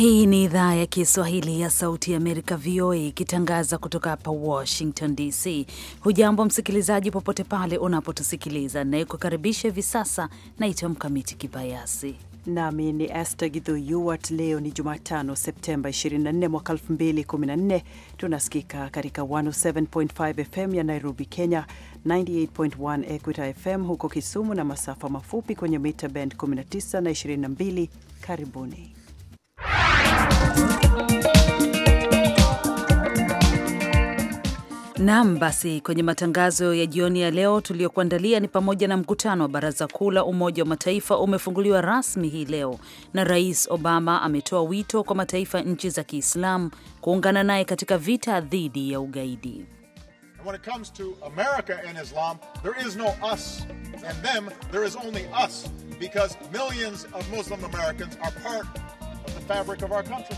Hii ni idhaa ya Kiswahili ya Sauti ya Amerika, VOA, ikitangaza kutoka hapa Washington DC. Hujambo msikilizaji, popote pale unapotusikiliza. Nayekukaribisha hivi sasa naitwa Mkamiti Kibayasi nami ni Esther Githu Yuwat. Leo ni Jumatano, Septemba 24 mwaka 2014. Tunasikika katika 107.5 FM ya Nairobi, Kenya, 98.1 Equita FM huko Kisumu, na masafa mafupi kwenye mita band 19 na 22. Karibuni Nam, basi kwenye matangazo ya jioni ya leo tuliyokuandalia ni pamoja na mkutano wa baraza kuu la Umoja wa Mataifa umefunguliwa rasmi hii leo, na Rais Obama ametoa wito kwa mataifa nchi za Kiislamu kuungana naye katika vita dhidi ya ugaidi fabric of our country.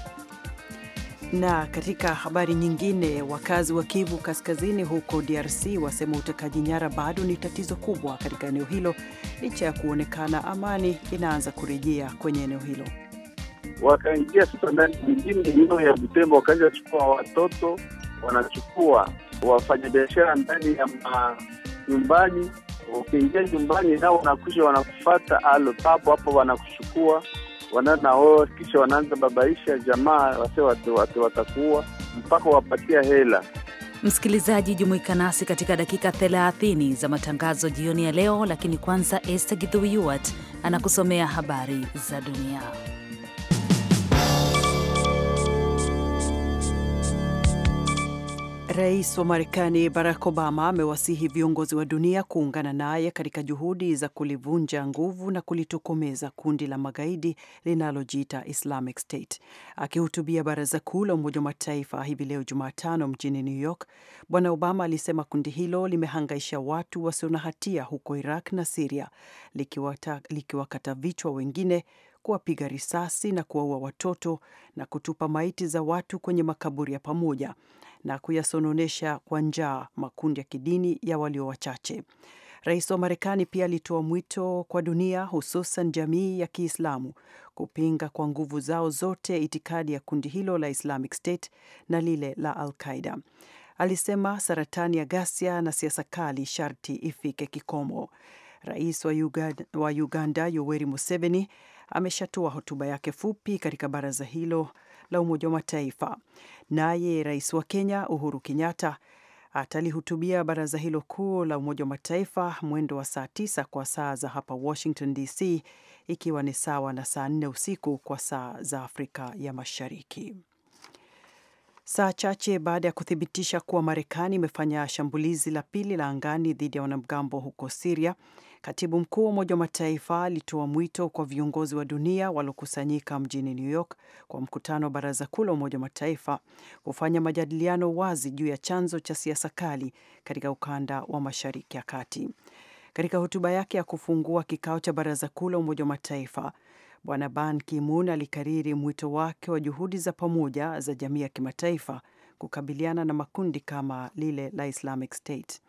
Na katika habari nyingine, wakazi wa Kivu Kaskazini huko DRC wasema utekaji nyara bado ni tatizo kubwa katika eneo hilo licha ya kuonekana amani inaanza kurejea kwenye eneo hilo. Wakaingia sasa ndani mingine eneo ya Butembo, wakaanza chukua watoto, wanachukua wafanyabiashara ndani ya nyumbani. Ukiingia nyumbani nao wanakusha, wanakufata alo papo hapo, wanakuchukua wananao, kisha wanaanza babaisha jamaa wase watu, watakuwa mpaka wapatia hela. Msikilizaji, jumuika nasi katika dakika 30 za matangazo jioni ya leo, lakini kwanza Esther Githuwat anakusomea habari za dunia. Rais wa Marekani Barack Obama amewasihi viongozi wa dunia kuungana naye katika juhudi za kulivunja nguvu na kulitokomeza kundi la magaidi linalojiita Islamic State. Akihutubia Baraza Kuu la Umoja wa Mataifa hivi leo Jumatano mjini New York, Bwana Obama alisema kundi hilo limehangaisha watu wasio na hatia huko Iraq na Siria, likiwakata vichwa wengine kuwapiga risasi na kuwaua watoto na kutupa maiti za watu kwenye makaburi ya pamoja na kuyasononesha kwa njaa makundi ya kidini ya walio wachache. Rais wa Marekani pia alitoa mwito kwa dunia, hususan jamii ya Kiislamu kupinga kwa nguvu zao zote itikadi ya kundi hilo la Islamic State na lile la Al Qaida. Alisema saratani ya ghasia na siasa kali sharti ifike kikomo. Rais wa Uganda, wa Uganda Yoweri Museveni ameshatoa hotuba yake fupi katika baraza hilo la Umoja wa Mataifa. Naye rais wa Kenya Uhuru Kenyatta atalihutubia baraza hilo kuu la Umoja wa Mataifa mwendo wa saa tisa kwa saa za hapa Washington DC, ikiwa ni sawa na saa nne usiku kwa saa za Afrika ya Mashariki. Saa chache baada ya kuthibitisha kuwa Marekani imefanya shambulizi la pili la angani dhidi ya wanamgambo huko Siria, Katibu mkuu wa Umoja wa Mataifa alitoa mwito kwa viongozi wa dunia waliokusanyika mjini New York kwa mkutano wa Baraza Kuu la Umoja wa Mataifa kufanya majadiliano wazi juu ya chanzo cha siasa kali katika ukanda wa Mashariki ya Kati. Katika hotuba yake ya kufungua kikao cha Baraza Kuu la Umoja wa Mataifa, Bwana Ban Ki-moon alikariri mwito wake wa juhudi za pamoja za jamii ya kimataifa kukabiliana na makundi kama lile la Islamic State.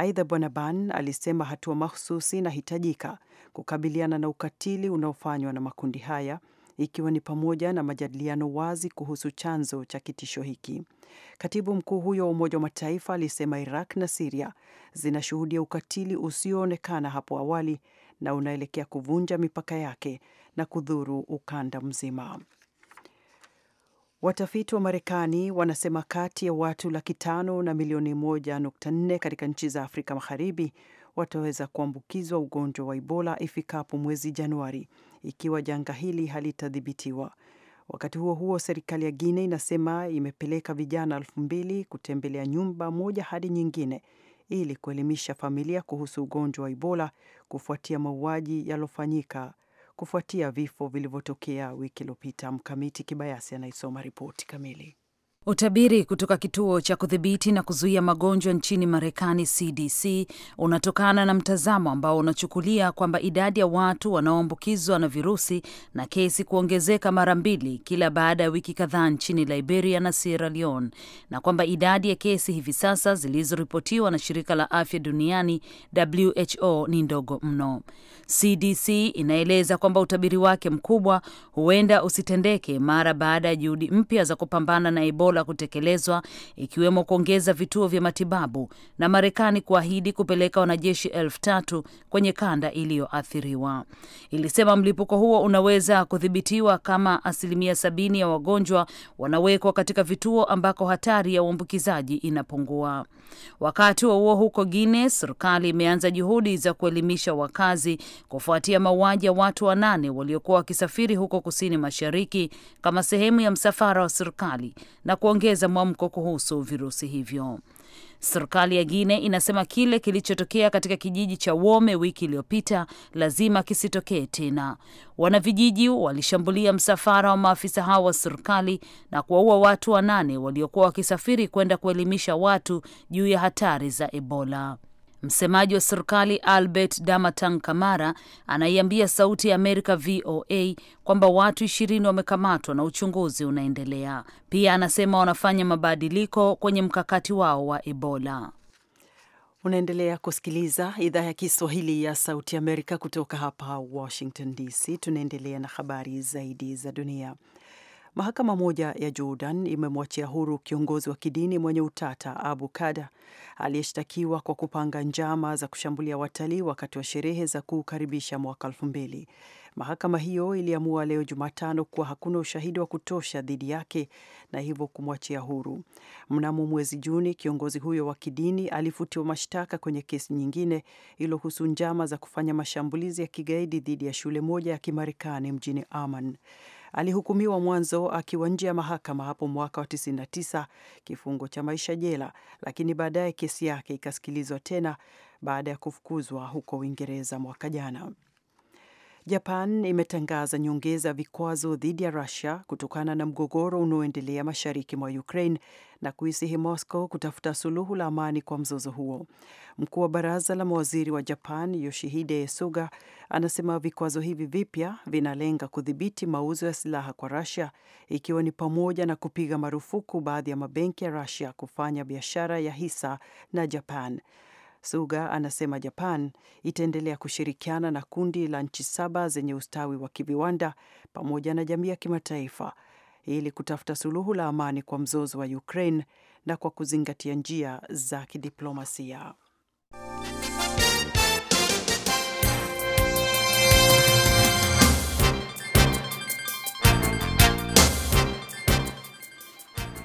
Aidha, Bwana Ban alisema hatua mahususi inahitajika kukabiliana na ukatili unaofanywa na makundi haya ikiwa ni pamoja na majadiliano wazi kuhusu chanzo cha kitisho hiki. Katibu mkuu huyo wa Umoja wa Mataifa alisema Iraq na Siria zinashuhudia ukatili usioonekana hapo awali na unaelekea kuvunja mipaka yake na kudhuru ukanda mzima. Watafiti wa Marekani wanasema kati ya watu laki tano na milioni moja nukta nne katika nchi za Afrika Magharibi wataweza kuambukizwa ugonjwa wa Ebola ifikapo mwezi Januari ikiwa janga hili halitadhibitiwa. Wakati huo huo, serikali ya Guinea inasema imepeleka vijana elfu mbili kutembelea nyumba moja hadi nyingine ili kuelimisha familia kuhusu ugonjwa wa Ebola kufuatia mauaji yaliyofanyika kufuatia vifo vilivyotokea wiki iliyopita. Mkamiti Kibayasi anaisoma ripoti kamili. Utabiri kutoka kituo cha kudhibiti na kuzuia magonjwa nchini Marekani, CDC, unatokana na mtazamo ambao unachukulia kwamba idadi ya watu wanaoambukizwa na virusi na kesi kuongezeka mara mbili kila baada ya wiki kadhaa nchini Liberia na Sierra Leone, na kwamba idadi ya kesi hivi sasa zilizoripotiwa na shirika la afya duniani WHO ni ndogo mno. CDC inaeleza kwamba utabiri wake mkubwa huenda usitendeke mara baada ya juhudi mpya za kupambana na Ebola la kutekelezwa, ikiwemo kuongeza vituo vya matibabu na Marekani kuahidi kupeleka wanajeshi elfu tatu kwenye kanda iliyoathiriwa. Ilisema mlipuko huo unaweza kudhibitiwa kama asilimia sabini ya wagonjwa wanawekwa katika vituo ambako hatari ya uambukizaji inapungua. Wakati wa huo huko Guinea, serikali imeanza juhudi za kuelimisha wakazi kufuatia mauaji ya watu wanane waliokuwa wakisafiri huko kusini mashariki kama sehemu ya msafara wa serikali na kuongeza mwamko kuhusu virusi hivyo. Serikali ya Guine inasema kile kilichotokea katika kijiji cha Wome wiki iliyopita lazima kisitokee tena. Wanavijiji walishambulia msafara wa maafisa hao wa serikali na kuwaua watu wanane waliokuwa wakisafiri kwenda kuelimisha watu juu ya hatari za Ebola. Msemaji wa serikali Albert Damatang Kamara anaiambia Sauti ya Amerika VOA kwamba watu ishirini wamekamatwa na uchunguzi unaendelea. Pia anasema wanafanya mabadiliko kwenye mkakati wao wa Ebola. Unaendelea kusikiliza idhaa ya Kiswahili ya Sauti Amerika kutoka hapa Washington DC. Tunaendelea na habari zaidi za dunia. Mahakama moja ya Jordan imemwachia huru kiongozi wa kidini mwenye utata Abu Kada aliyeshtakiwa kwa kupanga njama za kushambulia watalii wakati wa sherehe za kuukaribisha mwaka elfu mbili. Mahakama hiyo iliamua leo Jumatano kuwa hakuna ushahidi wa kutosha dhidi yake na hivyo kumwachia huru. Mnamo mwezi Juni, kiongozi huyo wa kidini alifutiwa mashtaka kwenye kesi nyingine iliyohusu njama za kufanya mashambulizi ya kigaidi dhidi ya shule moja ya Kimarekani mjini Amman. Alihukumiwa mwanzo akiwa nje ya mahakama hapo mwaka wa 99 kifungo cha maisha jela, lakini baadaye kesi yake ikasikilizwa tena baada ya kufukuzwa huko Uingereza mwaka jana. Japan imetangaza nyongeza vikwazo dhidi ya Rusia kutokana na mgogoro unaoendelea mashariki mwa Ukraine na kuisihi Moscow kutafuta suluhu la amani kwa mzozo huo. Mkuu wa baraza la mawaziri wa Japan, Yoshihide Suga, anasema vikwazo hivi vipya vinalenga kudhibiti mauzo ya silaha kwa Rusia, ikiwa ni pamoja na kupiga marufuku baadhi ya mabenki ya Rusia kufanya biashara ya hisa na Japan. Suga anasema Japan itaendelea kushirikiana na kundi la nchi saba zenye ustawi wa kiviwanda pamoja na jamii ya kimataifa ili kutafuta suluhu la amani kwa mzozo wa Ukraine na kwa kuzingatia njia za kidiplomasia.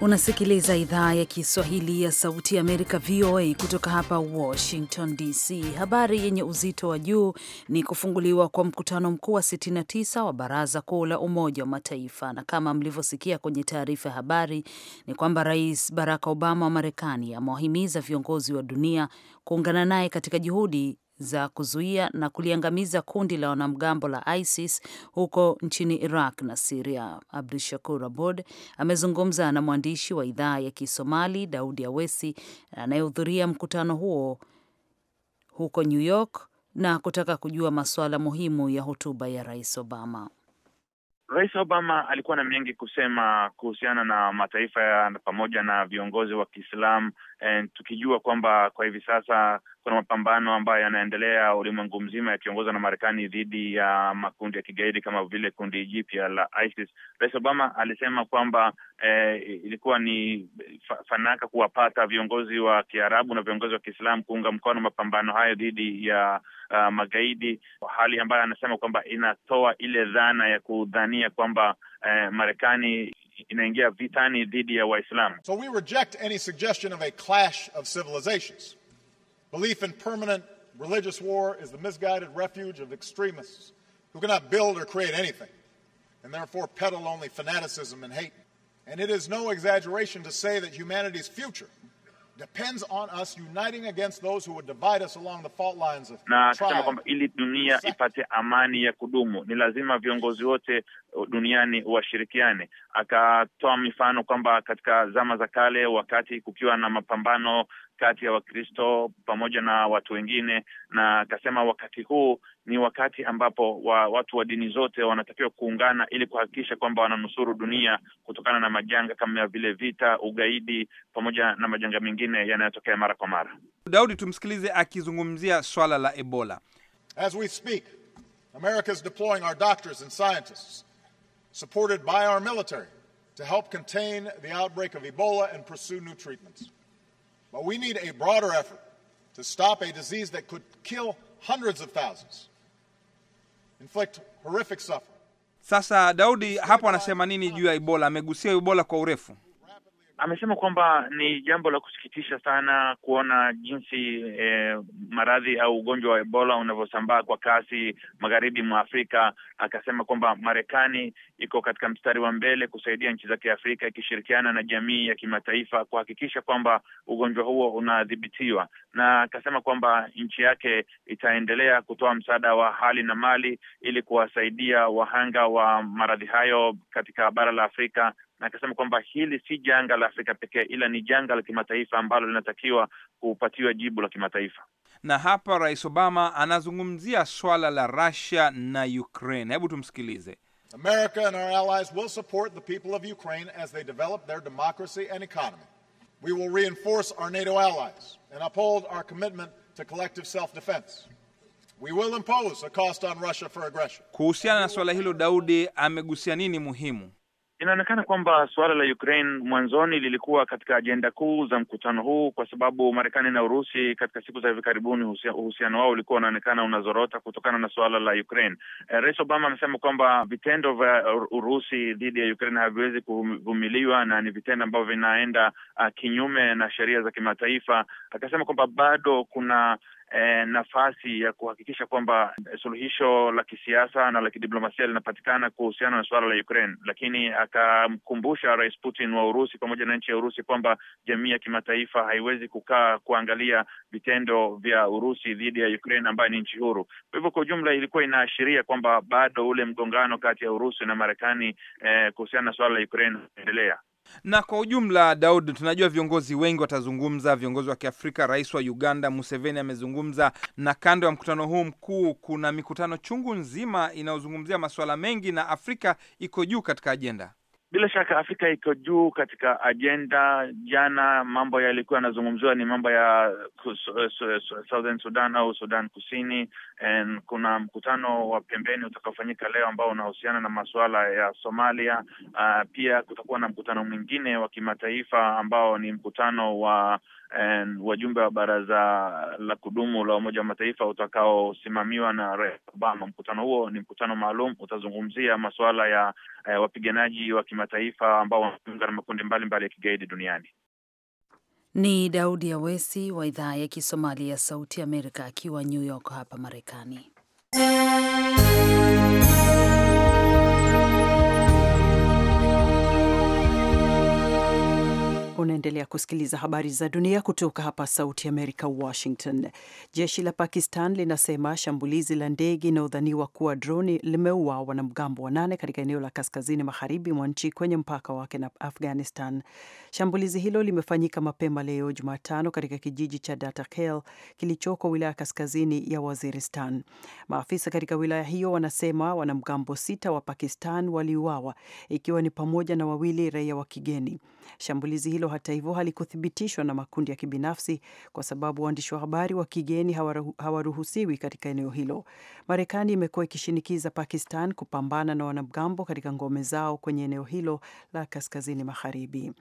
Unasikiliza idhaa ya Kiswahili ya Sauti ya Amerika, VOA, kutoka hapa Washington DC. Habari yenye uzito wa juu ni kufunguliwa kwa mkutano mkuu wa 69 wa Baraza Kuu la Umoja wa Mataifa, na kama mlivyosikia kwenye taarifa ya habari ni kwamba Rais Barack Obama wa Marekani amewahimiza viongozi wa dunia kuungana naye katika juhudi za kuzuia na kuliangamiza kundi la wanamgambo la ISIS huko nchini Iraq na Siria. Abdu Shakur Abod amezungumza na mwandishi wa idhaa ya Kisomali Daudi Awesi anayehudhuria mkutano huo huko New York na kutaka kujua masuala muhimu ya hotuba ya Rais Obama. Rais Obama alikuwa na mengi kusema kuhusiana na mataifa ya pamoja na viongozi wa Kiislamu and tukijua kwamba kwa hivi sasa kuna mapambano ambayo yanaendelea ulimwengu mzima yakiongozwa na Marekani dhidi ya makundi ya kigaidi kama vile kundi jipya la ISIS. Rais Obama alisema kwamba eh, ilikuwa ni fanaka kuwapata viongozi wa Kiarabu na viongozi wa Kiislamu kuunga mkono mapambano hayo dhidi ya uh, magaidi, hali ambayo anasema kwamba inatoa ile dhana ya kudhania kwamba eh, Marekani inaingia vitani dhidi ya Waislamu. So we reject any suggestion of a clash of civilizations. Belief in permanent religious war is the misguided refuge of extremists who cannot build or create anything and therefore peddle only fanaticism and hate. And it is no exaggeration to say that humanity's future depends on us uniting against those who would divide us along the fault lines of na akisema kwamba ili dunia ipate amani ya kudumu ni lazima viongozi wote uh, duniani washirikiane. Akatoa mifano kwamba katika zama za kale, wakati kukiwa na mapambano kati ya Wakristo pamoja na watu wengine, na akasema wakati huu ni wakati ambapo wa, watu wa dini zote wanatakiwa kuungana ili kuhakikisha kwamba wananusuru dunia kutokana na majanga kama vile vita, ugaidi pamoja na majanga mengine yanayotokea mara kwa mara. Daudi, tumsikilize akizungumzia swala la Ebola. As we speak, America is deploying our doctors and scientists supported by our military to help contain the outbreak of Ebola and pursue new treatments. But we need a broader effort to stop a disease that could kill hundreds of thousands, inflict horrific suffering. Sasa Daudi hapo anasema nini juu ya Ebola? Amegusia Ebola kwa urefu amesema kwamba ni jambo la kusikitisha sana kuona jinsi eh, maradhi au ugonjwa wa Ebola unavyosambaa kwa kasi magharibi mwa Afrika. Akasema kwamba Marekani iko katika mstari wa mbele kusaidia nchi za Kiafrika ikishirikiana na jamii ya kimataifa kuhakikisha kwamba ugonjwa huo unadhibitiwa, na akasema kwamba nchi yake itaendelea kutoa msaada wa hali na mali ili kuwasaidia wahanga wa maradhi hayo katika bara la Afrika na akasema kwamba hili si janga la Afrika pekee, ila ni janga la kimataifa ambalo linatakiwa kupatiwa jibu la kimataifa. Na hapa Rais Obama anazungumzia swala la Russia na Ukraine. Hebu tumsikilize. America and our allies will support the people of Ukraine as they develop their democracy and economy. We will reinforce our NATO allies and uphold our commitment to collective self-defense. We will impose a cost on Russia for aggression. Kuhusiana na swala hilo, Daudi amegusia nini muhimu? Inaonekana kwamba suala la Ukraine mwanzoni lilikuwa katika ajenda kuu za mkutano huu, kwa sababu Marekani na Urusi katika siku za hivi karibuni uhusiano wao ulikuwa unaonekana unazorota kutokana na suala la Ukraine. Eh, Rais Obama amesema kwamba vitendo vya Urusi dhidi ya Ukraine haviwezi kuvumiliwa na ni vitendo ambavyo vinaenda uh, kinyume na sheria za kimataifa akasema kwamba bado kuna E, nafasi ya kuhakikisha kwamba eh, suluhisho la kisiasa na la kidiplomasia linapatikana kuhusiana na suala la Ukraine, lakini akamkumbusha Rais Putin wa Urusi pamoja na nchi ya Urusi kwamba jamii ya kimataifa haiwezi kukaa kuangalia vitendo vya Urusi dhidi ya Ukraine ambayo ni nchi huru. Kwa hivyo, kwa ujumla ilikuwa inaashiria kwamba bado ule mgongano kati ya Urusi na Marekani e, kuhusiana na suala la Ukraine unaendelea na kwa ujumla, Daud, tunajua viongozi wengi watazungumza, viongozi wa Kiafrika. Rais wa Uganda Museveni amezungumza, na kando ya mkutano huu mkuu kuna mikutano chungu nzima inayozungumzia masuala mengi, na Afrika iko juu katika ajenda. Bila shaka Afrika iko juu katika ajenda. Jana mambo yalikuwa yanazungumziwa ni mambo ya Southern Sudan au Sudan Kusini, En, kuna mkutano wa pembeni utakaofanyika leo ambao unahusiana na masuala ya Somalia. Uh, pia kutakuwa na mkutano mwingine wa kimataifa ambao ni mkutano wa en, wajumbe wa baraza la kudumu la Umoja wa Mataifa utakaosimamiwa na Rais Obama. Mkutano huo ni mkutano maalum, utazungumzia masuala ya eh, wapiganaji wa kimataifa ambao wanajiunga na makundi mbalimbali ya kigaidi duniani. Ni Daudi Awesi wa idhaa ya Kisomali ya Sauti Amerika akiwa New York hapa Marekani. Unaendelea kusikiliza habari za dunia kutoka hapa Sauti Amerika, Washington. Jeshi la Pakistan linasema shambulizi la ndege inayodhaniwa kuwa droni limeua wanamgambo wanane katika eneo la kaskazini magharibi mwa nchi kwenye mpaka wake na Afghanistan. Shambulizi hilo limefanyika mapema leo Jumatano katika kijiji cha Datakel kilichoko wilaya kaskazini ya Waziristan. Maafisa katika wilaya hiyo wanasema wanamgambo sita wa Pakistan waliuawa ikiwa ni pamoja na wawili raia wa kigeni. Shambulizi hilo hata hivyo halikuthibitishwa na makundi ya kibinafsi kwa sababu waandishi wa habari wa kigeni hawaruhusiwi katika eneo hilo. Marekani imekuwa ikishinikiza Pakistan kupambana na wanamgambo katika ngome zao kwenye eneo hilo la kaskazini magharibi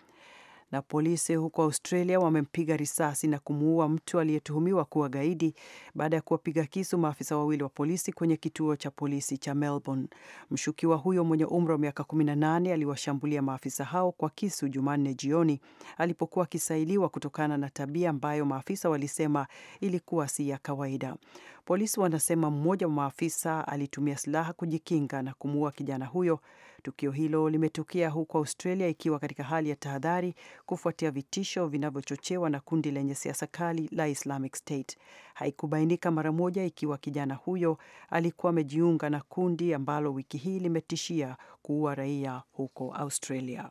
na polisi huko Australia wamempiga risasi na kumuua mtu aliyetuhumiwa kuwa gaidi baada ya kuwapiga kisu maafisa wawili wa polisi kwenye kituo cha polisi cha Melbourne. Mshukiwa huyo mwenye umri wa miaka 18 aliwashambulia maafisa hao kwa kisu Jumanne jioni alipokuwa akisailiwa kutokana na tabia ambayo maafisa walisema ilikuwa si ya kawaida. Polisi wanasema mmoja wa maafisa alitumia silaha kujikinga na kumuua kijana huyo. Tukio hilo limetokea huko Australia ikiwa katika hali ya tahadhari kufuatia vitisho vinavyochochewa na kundi lenye siasa kali la Islamic State. Haikubainika mara moja ikiwa kijana huyo alikuwa amejiunga na kundi ambalo wiki hii limetishia kuua raia huko Australia.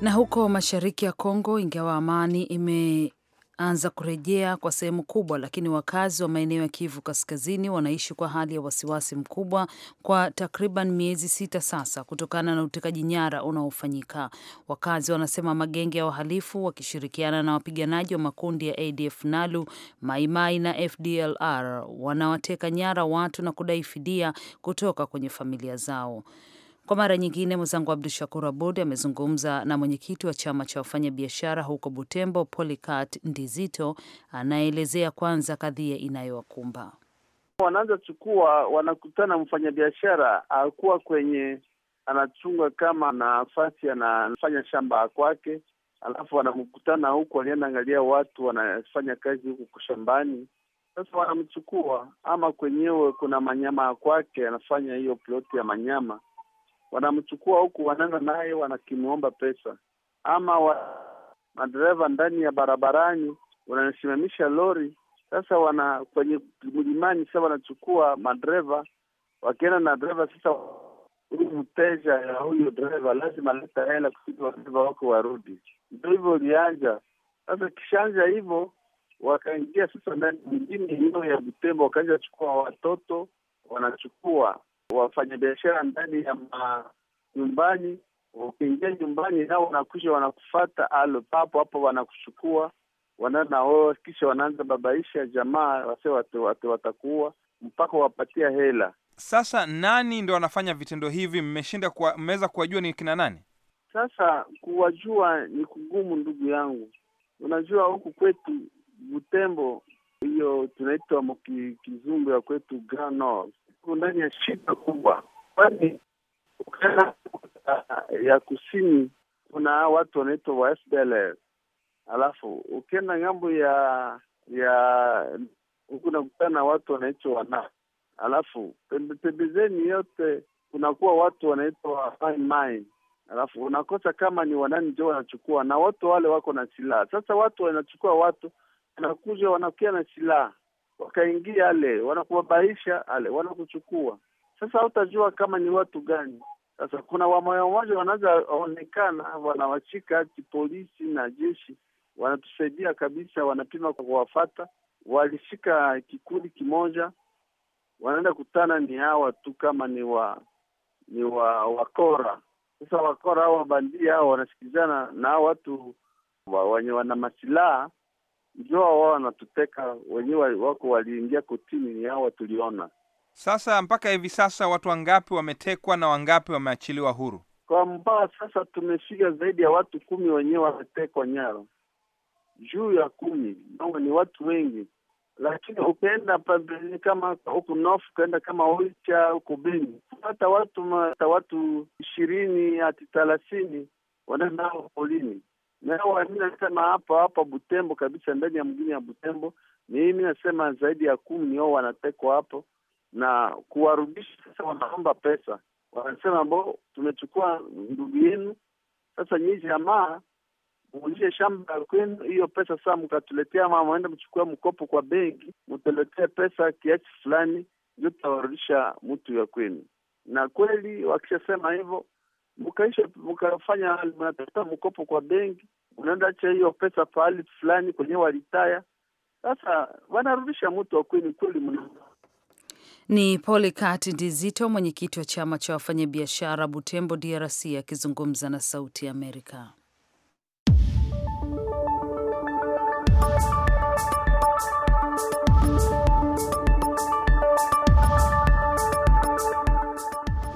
Na huko mashariki ya Kongo, ingawa amani ime anza kurejea kwa sehemu kubwa, lakini wakazi wa maeneo ya Kivu Kaskazini wanaishi kwa hali ya wasiwasi mkubwa kwa takriban miezi sita sasa, kutokana na utekaji nyara unaofanyika. Wakazi wanasema magenge ya wahalifu wakishirikiana na wapiganaji wa makundi ya ADF NALU, Maimai na FDLR wanawateka nyara watu na kudai fidia kutoka kwenye familia zao. Kwa mara nyingine, mwenzangu Abdu Shakur Abud amezungumza na mwenyekiti wa chama cha wafanyabiashara huko Butembo, Polycart Ndizito, anaelezea kwanza kadhia inayowakumba wanaanza chukua, wanakutana mfanyabiashara akuwa kwenye anachunga kama nafasi anafanya shamba kwake, alafu wanamkutana huku, walienda angalia watu wanafanya kazi huku kushambani Sasa wanamchukua ama kwenyewe kuna manyama kwake, anafanya hiyo ploti ya manyama wanamchukua huku, wanaenda naye wanakimwomba pesa, ama wa madereva ndani ya barabarani wanasimamisha lori sasa, wana kwenye mlimani sasa wanachukua madereva, wakienda na dereva sasa huyu mteja ya huyu dereva lazima leta hela kusudi wadereva wako warudi. Ndio hivyo ulianja. Sasa kishanja hivyo, wakaingia sasa ndani mingine eneo ya Butembo, wakaanja chukua watoto, wanachukua wafanyabiashara ndani ya manyumbani. Ukiingia nyumbani, nao wanakusha wanakufata alo papo hapo, wanakuchukua wanaenda wao, kisha wanaanza babaisha jamaa wase watu, watu watakuwa mpaka wapatia hela. Sasa nani ndo wanafanya vitendo hivi? Mmeshinda kuwa, mmeweza kuwajua ni kina nani? Sasa kuwajua ni kugumu, ndugu yangu. Unajua huku kwetu Butembo, hiyo tunaitwa mkizungu ya kwetu Grand Nord tuko ndani ya shida kubwa, kwani ukanda eh, ya kusini kuna watu wanaitwa wa FDLR, alafu ukienda ng'ambo ya ya unakutana watu wanaitwa wana, alafu pembezeni yote kunakuwa watu wanaitwa mai alafu unakosa kama ni wanani ndio wanachukua, na watu wale wako na silaha. Sasa watu wanachukua watu wanakuja wanakia na silaha wakaingia ale, wanakubabaisha ale, wanakuchukua. Sasa hutajua kama ni watu gani. Sasa kuna wamoja wamoja wanaweza onekana wanawachika polisi na jeshi wanatusaidia kabisa, wanapima kwa kuwafata. Walishika kikundi kimoja, wanaenda kutana ni hawa tu kama ni wa ni wa wakora. Sasa wakora au wabandia hao wanasikilizana na hao watu wenye wana masilaha ndio wao wanatuteka wenyewe, wako waliingia kotini, ni hawa tuliona. Sasa mpaka hivi sasa watu wangapi wametekwa na wangapi wameachiliwa huru? Kwa mbaa sasa tumefika zaidi ya watu kumi wenyewe wametekwa nyara, juu ya kumi nao ni watu wengi, lakini ukienda pembeni kama huku nof ukaenda kama Oicha huku Beni hata watu hata watu ishirini hati thelathini wanaenda polini Leo mi nasema hapo hapa Butembo kabisa, ndani ya mgini ya Butembo mimi mi nasema zaidi ya kumi nio wanatekwa hapo na kuwarudisha. Sasa wanaomba pesa, wanasema mbo, tumechukua ndugu yenu, sasa nyii jamaa muulize shamba ya kwenu, hiyo pesa saa mkatuletea, ama mwende mchukua mkopo kwa benki, mtuletee pesa kiasi fulani, ndio tutawarudisha mtu ya kwenu. Na kweli wakishasema hivyo mkaisha mkafanya mnatafuta mkopo kwa benki, unaenda cha hiyo pesa pahali fulani kwenye walitaya, sasa wanarudisha mtu wa kweli kweli mna ni Polycat Dizito, mwenyekiti wa chama cha wafanyabiashara Butembo, DRC, akizungumza na Sauti ya Amerika.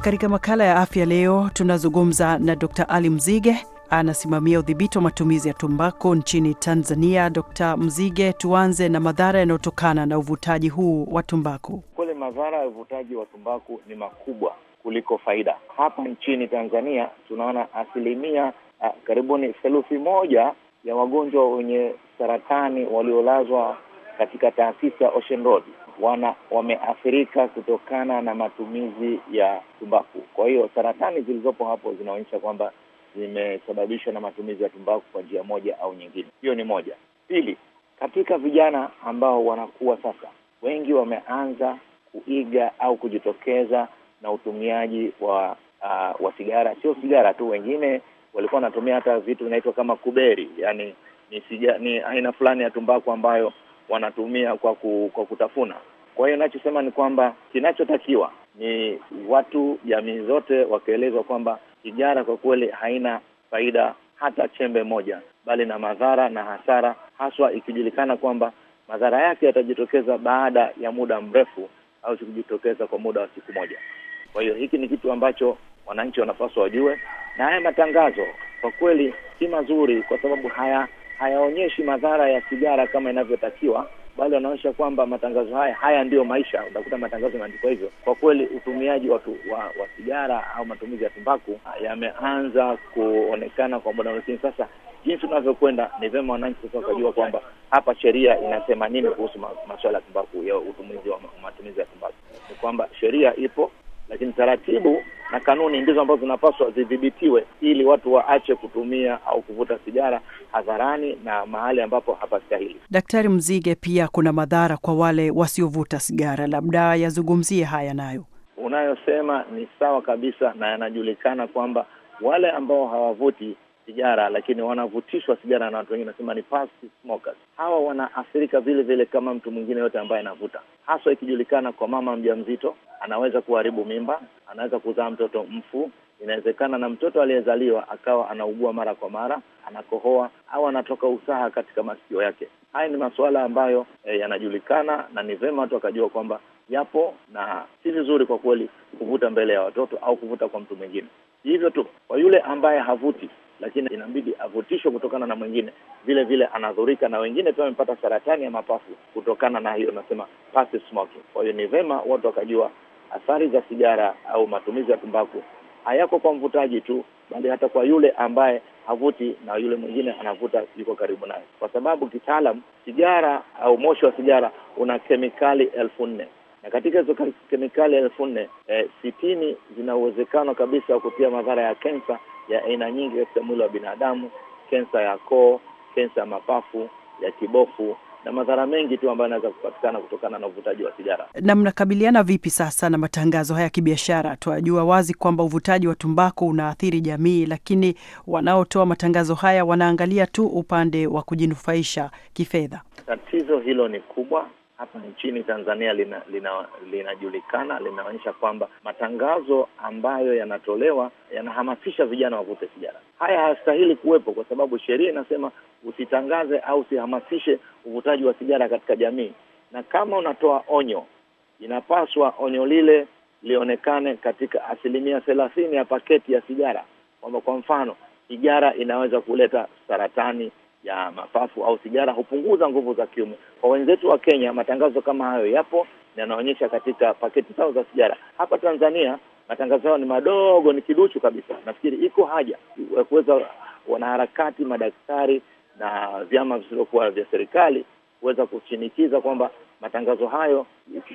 Katika makala ya afya leo tunazungumza na Dr. Ali Mzige anasimamia udhibiti wa matumizi ya tumbako nchini Tanzania. Dr. Mzige, tuanze na madhara yanayotokana na uvutaji huu wa tumbaku. kule madhara ya uvutaji wa tumbaku ni makubwa kuliko faida. Hapa nchini Tanzania tunaona asilimia ah, karibuni theluthi moja ya wagonjwa wenye saratani waliolazwa katika taasisi ya Ocean Road wana wameathirika kutokana na matumizi ya tumbaku. Kwa hiyo saratani zilizopo hapo zinaonyesha kwamba zimesababishwa na matumizi ya tumbaku kwa njia moja au nyingine. Hiyo ni moja. Pili, katika vijana ambao wanakuwa sasa, wengi wameanza kuiga au kujitokeza na utumiaji wa uh, wa sigara. Sio sigara tu, wengine walikuwa wanatumia hata vitu vinaitwa kama kuberi, yani ni, siga, ni aina fulani ya tumbaku ambayo wanatumia kwa, ku, kwa kutafuna. Kwa hiyo nachosema ni kwamba kinachotakiwa ni watu, jamii zote wakielezwa kwamba sigara kwa kweli haina faida hata chembe moja, bali na madhara na hasara, haswa ikijulikana kwamba madhara yake yatajitokeza baada ya muda mrefu au sikujitokeza kwa muda wa siku moja. Kwa hiyo hiki ni kitu ambacho wananchi wanapaswa wajue, na haya matangazo kwa kweli si mazuri, kwa sababu haya hayaonyeshi madhara ya sigara kama inavyotakiwa, bali wanaonyesha kwamba matangazo haya haya ndiyo maisha. Utakuta matangazo yameandikwa hivyo. Kwa kweli, utumiaji wa, wa sigara au matumizi ya tumbaku yameanza kuonekana kwa muda, lakini sasa jinsi unavyokwenda ni vyema wananchi sasa wakajua kwamba hapa sheria inasema nini kuhusu masuala ya tumbaku ya utumizi wa matumizi ya tumbaku. Ni kwamba sheria ipo, lakini taratibu na kanuni ndizo ambazo zinapaswa zidhibitiwe ili watu waache kutumia au kuvuta sigara hadharani na mahali ambapo hapastahili. Daktari Mzige, pia kuna madhara kwa wale wasiovuta sigara, labda yazungumzie haya nayo. Unayosema ni sawa kabisa na yanajulikana kwamba wale ambao hawavuti sigara, lakini wanavutishwa sigara na watu wengine, nasema ni passive smokers. Hawa wanaathirika vile vile kama mtu mwingine yote ambaye anavuta, haswa ikijulikana kwa mama mjamzito, anaweza kuharibu mimba, anaweza kuzaa mtoto mfu. Inawezekana na mtoto aliyezaliwa akawa anaugua mara kwa mara, anakohoa au anatoka usaha katika masikio yake. Haya ni masuala ambayo e, yanajulikana na ni vema watu wakajua kwamba yapo na si vizuri kwa kweli kuvuta mbele ya watoto au kuvuta kwa mtu mwingine. Hivyo tu kwa yule ambaye havuti, lakini inabidi avutishwe kutokana na mwingine, vile vile anadhurika na wengine pia wamepata saratani ya mapafu kutokana na hiyo, nasema passive smoking. Kwa hiyo ni vema watu wakajua athari za sigara au matumizi ya tumbaku hayako kwa mvutaji tu, bali hata kwa yule ambaye havuti na yule mwingine anavuta yuko karibu naye, kwa sababu kitaalam sigara au moshi wa sigara una kemikali elfu nne na katika hizo kemikali elfu nne eh, sitini zina uwezekano kabisa wa kutia madhara ya kensa ya aina nyingi katika mwili wa binadamu, kensa ya koo, kensa ya mapafu, ya kibofu na madhara mengi tu ambayo yanaweza kupatikana kutokana na uvutaji wa sigara. Na mnakabiliana vipi sasa na matangazo haya ya kibiashara? Tunajua wazi kwamba uvutaji wa tumbako unaathiri jamii, lakini wanaotoa matangazo haya wanaangalia tu upande wa kujinufaisha kifedha. Tatizo hilo ni kubwa hapa nchini Tanzania linajulikana lina, lina linaonyesha kwamba matangazo ambayo yanatolewa yanahamasisha vijana wavute sigara. Haya hayastahili kuwepo, kwa sababu sheria inasema usitangaze au usihamasishe uvutaji wa sigara katika jamii, na kama unatoa onyo, inapaswa onyo lile lionekane katika asilimia thelathini ya paketi ya sigara, kwamba kwa mfano sigara inaweza kuleta saratani ya mapafu au sigara hupunguza nguvu za kiume. Kwa wenzetu wa Kenya, matangazo kama hayo yapo na yanaonyesha katika paketi zao za sigara. Hapa Tanzania matangazo yao ni madogo, ni kiduchu kabisa. Nafikiri iko haja ya kuweza wanaharakati, madaktari na vyama visivyokuwa vya serikali kuweza kushinikiza kwamba matangazo hayo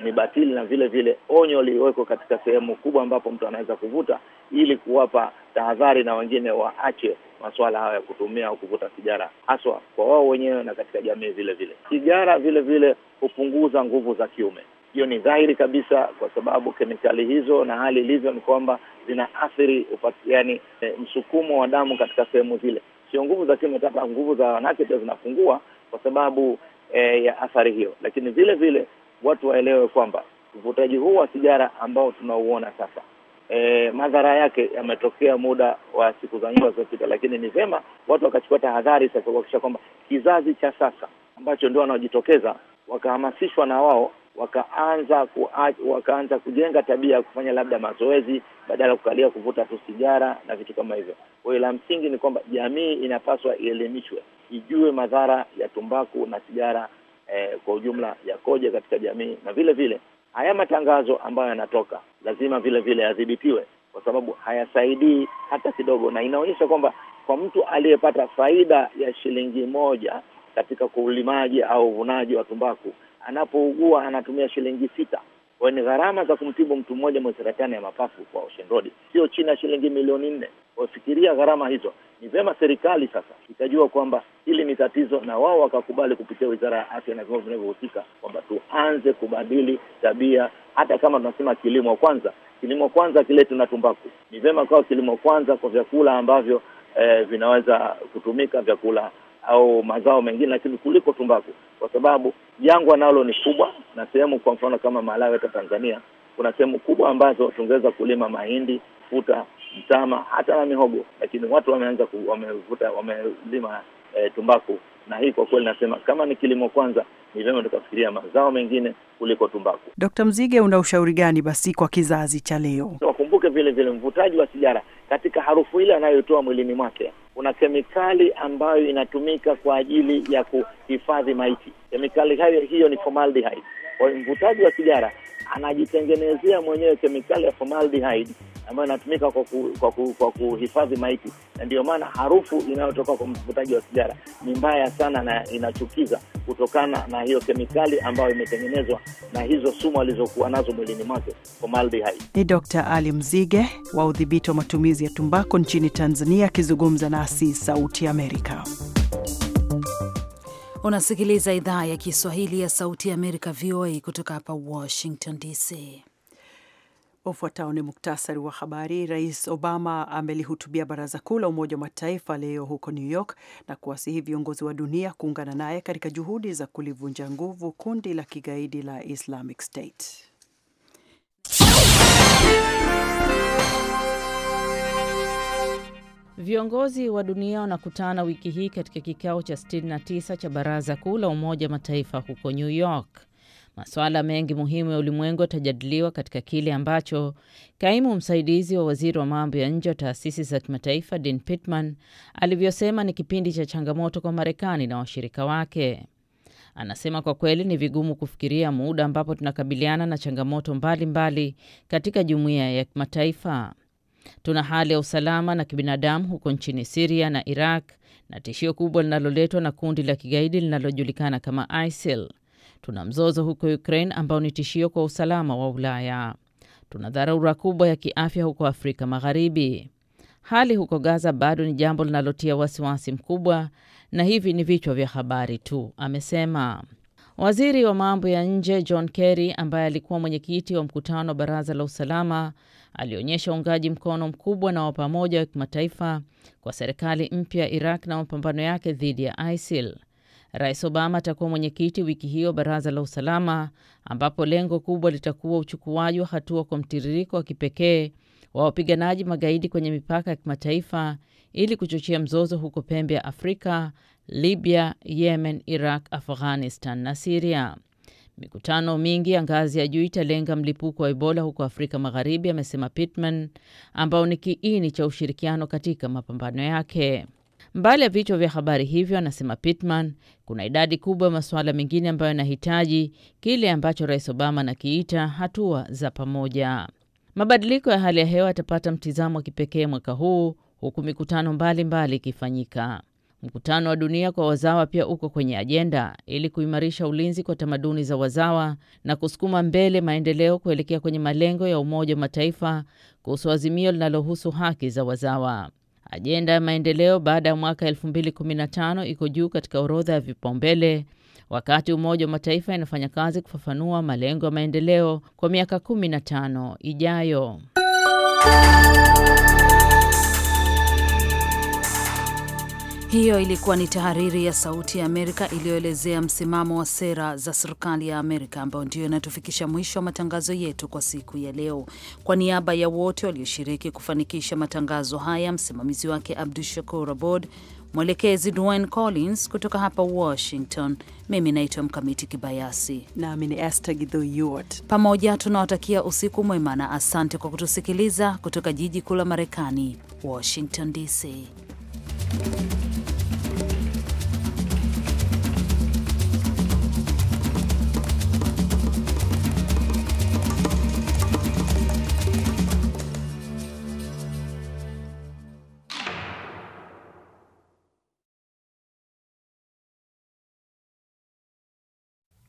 ni batili, na vile vile onyo liwekwe katika sehemu kubwa ambapo mtu anaweza kuvuta, ili kuwapa tahadhari na wengine waache masuala hayo ya kutumia au kuvuta sigara, haswa kwa wao wenyewe na katika jamii vile vile. Sigara vile vile hupunguza nguvu za kiume. Hiyo ni dhahiri kabisa, kwa sababu kemikali hizo na hali ilivyo ni kwamba zinaathiri yani, e, msukumo wa damu katika sehemu zile, sio nguvu za kiume, hata nguvu za wanawake pia zinapungua kwa sababu e, ya athari hiyo. Lakini vile vile watu waelewe kwamba uvutaji huu wa sigara ambao tunauona sasa e, madhara yake yametokea muda wa siku za nyuma zilizopita, lakini ni vema watu wakachukua tahadhari sasa kuhakikisha kwamba kizazi cha sasa ambacho ndio wanaojitokeza wakahamasishwa na wao wakaanza ku, wakaanza kujenga tabia ya kufanya labda mazoezi badala ya kukalia kuvuta tu sigara na vitu kama hivyo. Kwa hiyo la msingi ni kwamba jamii inapaswa ielimishwe, ijue madhara ya tumbaku na sigara eh, kwa ujumla yakoje katika jamii, na vile vile haya matangazo ambayo yanatoka lazima vile vile yadhibitiwe, kwa sababu hayasaidii hata kidogo, na inaonyesha kwamba kwa mtu aliyepata faida ya shilingi moja katika kulimaji au uvunaji wa tumbaku, anapougua anatumia shilingi sita kwa ni gharama za kumtibu mtu mmoja mwenye saratani ya mapafu kwa Ocean Road sio chini ya shilingi milioni nne. Wafikiria gharama hizo. Ni vyema serikali sasa ikajua kwamba hili ni tatizo, na wao wakakubali kupitia wizara ya afya na vyombo vinavyohusika kwamba tuanze kubadili tabia, hata kama tunasema kilimo kwanza, kilimo kwanza kiletu na tumbaku. Ni vyema kwa kilimo kwanza kwa vyakula ambavyo eh, vinaweza kutumika, vyakula au mazao mengine, lakini kuliko tumbaku, kwa sababu jangwa nalo ni kubwa, na sehemu kwa mfano kama Malawi hata Tanzania kuna sehemu kubwa ambazo tungeweza kulima mahindi, futa, mtama, hata na mihogo, lakini watu wameanza wamevuta wamelima e, tumbaku, na hii kwa kweli nasema kama ni kilimo kwanza, ni vyema tukafikiria mazao mengine kuliko tumbaku. Dr. Mzige, una ushauri gani basi kwa kizazi cha leo? Wakumbuke vile vile mvutaji wa sigara katika harufu ile anayoitoa mwilini mwake kuna kemikali ambayo inatumika kwa ajili ya kuhifadhi maiti. Kemikali hayo hiyo ni formaldehyde. Kwa mvutaji wa sigara anajitengenezea mwenyewe kemikali ya formaldehyde ambayo inatumika kwa, ku, kwa, ku, kwa kuhifadhi maiti, na ndio maana harufu inayotoka kwa mvutaji wa sigara ni mbaya sana na inachukiza kutokana na hiyo kemikali ambayo imetengenezwa na hizo sumu alizokuwa nazo mwilini mwake formaldehyde. Ni Dr. Ali Mzige wa udhibiti wa matumizi ya tumbako nchini Tanzania akizungumza nasi Sauti Amerika. Unasikiliza idhaa ya Kiswahili ya Sauti ya Amerika, VOA, kutoka hapa Washington DC. Ufuatao ni muktasari wa habari. Rais Obama amelihutubia baraza kuu la Umoja wa Mataifa leo huko New York na kuwasihi viongozi wa dunia kuungana naye katika juhudi za kulivunja nguvu kundi la kigaidi la Islamic State. Viongozi wa dunia wanakutana wiki hii katika kikao cha 69 cha baraza kuu la Umoja wa Mataifa huko New York. Masuala mengi muhimu ya ulimwengu yatajadiliwa katika kile ambacho kaimu msaidizi wa waziri wa mambo ya nje wa taasisi za kimataifa Dean Pittman alivyosema ni kipindi cha changamoto kwa Marekani na washirika wake. Anasema kwa kweli ni vigumu kufikiria muda ambapo tunakabiliana na changamoto mbalimbali mbali katika jumuiya ya kimataifa. Tuna hali ya usalama na kibinadamu huko nchini Siria na Iraq na tishio kubwa linaloletwa na kundi la kigaidi linalojulikana kama ISIL. Tuna mzozo huko Ukraine ambao ni tishio kwa usalama wa Ulaya. Tuna dharura kubwa ya kiafya huko Afrika Magharibi. Hali huko Gaza bado ni jambo linalotia wasiwasi mkubwa, na hivi ni vichwa vya habari tu, amesema waziri wa mambo ya nje John Kerry, ambaye alikuwa mwenyekiti wa mkutano wa Baraza la Usalama. Alionyesha uungaji mkono mkubwa na wa pamoja wa kimataifa kwa serikali mpya ya Iraq na mapambano yake dhidi ya ISIL. Rais Obama atakuwa mwenyekiti wiki hiyo wa baraza la usalama, ambapo lengo kubwa litakuwa uchukuaji wa hatua kwa mtiririko wa kipekee wa wapiganaji magaidi kwenye mipaka ya kimataifa ili kuchochea mzozo huko pembe ya Afrika, Libya, Yemen, Iraq, Afghanistan na Siria. Mikutano mingi ya ngazi ya juu italenga mlipuko wa Ebola huko Afrika Magharibi, amesema Pittman, ambao ni kiini cha ushirikiano katika mapambano yake. Mbali ya vichwa vya habari hivyo, anasema Pittman, kuna idadi kubwa ya masuala mengine ambayo yanahitaji kile ambacho Rais Obama anakiita hatua za pamoja. Mabadiliko ya hali ya hewa yatapata mtizamo wa kipekee mwaka huu huku mikutano mbalimbali ikifanyika mbali. Mkutano wa dunia kwa wazawa pia uko kwenye ajenda ili kuimarisha ulinzi kwa tamaduni za wazawa na kusukuma mbele maendeleo kuelekea kwenye malengo ya Umoja wa Mataifa kuhusu azimio linalohusu haki za wazawa. Ajenda ya maendeleo baada ya mwaka 2015 iko juu katika orodha ya vipaumbele wakati Umoja wa Mataifa inafanya kazi kufafanua malengo ya maendeleo kwa miaka 15 ijayo. Hiyo ilikuwa ni tahariri ya Sauti ya Amerika iliyoelezea msimamo wa sera za serikali ya Amerika, ambayo ndio inatufikisha mwisho wa matangazo yetu kwa siku ya leo. Kwa niaba ya wote walioshiriki kufanikisha matangazo haya, msimamizi wake Abdu Shakur Abod, mwelekezi Dwayne Collins kutoka hapa Washington. Mimi naitwa Mkamiti Kibayasi nami ni Esther Githo Pamoja tunawatakia usiku mwema na asante kwa kutusikiliza kutoka jiji kuu la Marekani, Washington DC.